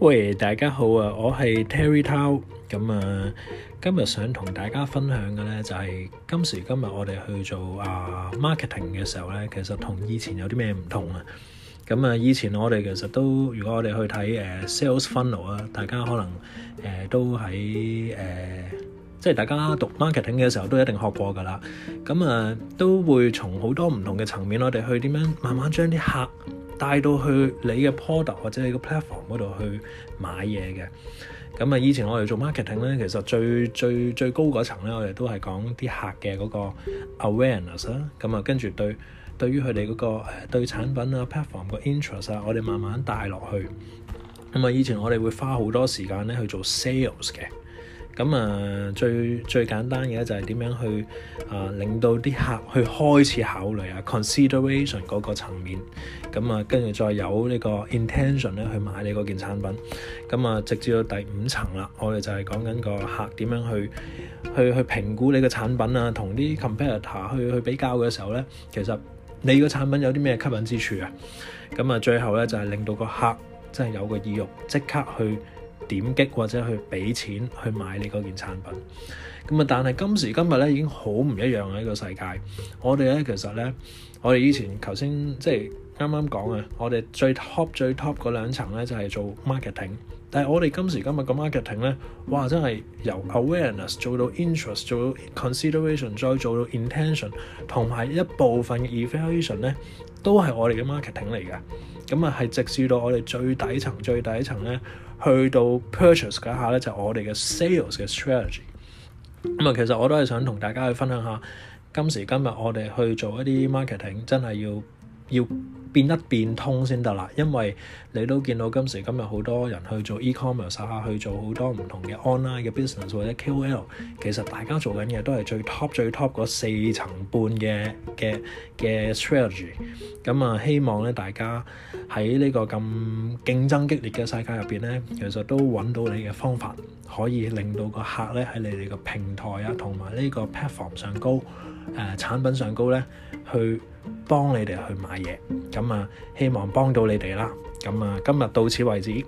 喂，大家好啊，我係 Terry Tau 咁啊，今日想同大家分享嘅呢，就係、是、今時今日我哋去做啊 marketing 嘅時候呢，其實同以前有啲咩唔同啊？咁啊，以前我哋其實都，如果我哋去睇誒 sales funnel 啊，funnel，大家可能、啊、都喺誒、啊，即係大家讀 marketing 嘅時候都一定學過噶啦，咁啊都會從好多唔同嘅層面，我哋去點樣慢慢將啲客，帶到去你嘅 product 或者你個 platform 嗰度去買嘢嘅。咁啊，以前我哋做 marketing 咧，其實最最最高嗰層咧，我哋都係講啲客嘅嗰個 awareness 啦。咁啊，跟住對對於佢哋嗰個誒對產品啊 platform 個 interest 啊，我哋慢慢帶落去。咁啊，以前我哋會花好多時間咧去做 sales 嘅。咁啊，最最簡單嘅就係點樣去啊，令到啲客去開始考慮啊，consideration 嗰個層面。咁啊，跟住再有個呢個 intention 咧，去買你嗰件產品。咁啊，直至到第五層啦，我哋就係講緊個客點樣去去去評估你嘅產品啊，同啲 competitor 去去比較嘅時候咧，其實你個產品有啲咩吸引之處啊？咁啊，最後咧就係、是、令到個客真係有個意欲，即刻去。點擊或者去俾錢去買你嗰件產品咁啊。但係今時今日咧已經好唔一樣喺個世界。我哋咧其實咧，我哋以前頭先即係啱啱講啊，我哋最 top 最 top 嗰兩層咧就係、是、做 marketing。但係我哋今時今日個 marketing 咧，哇！真係由 awareness 做到 interest，做到 consideration，再做到 intention，同埋一部分 evaluation 咧，都係我哋嘅 marketing 嚟嘅。咁啊，係直至到我哋最底層最底層咧。去到 purchase 嗰下咧，就係、我哋嘅 sales 嘅 strategy。咁、嗯、啊，其實我都係想同大家去分享下，今時今日我哋去做一啲 marketing，真係要。要變一變通先得啦，因為你都見到今時今日好多人去做 e-commerce，實、啊、去做好多唔同嘅 online 嘅 business 或者 KOL，其實大家做緊嘅都係最 top 最 top 嗰四層半嘅嘅嘅 strategy。咁啊，希望咧大家喺呢個咁競爭激烈嘅世界入邊咧，其實都揾到你嘅方法，可以令到個客咧喺你哋個平台啊同埋呢個 platform 上高誒、呃、產品上高咧去。幫你哋去買嘢，咁啊，希望幫到你哋啦。咁啊，今日到此為止。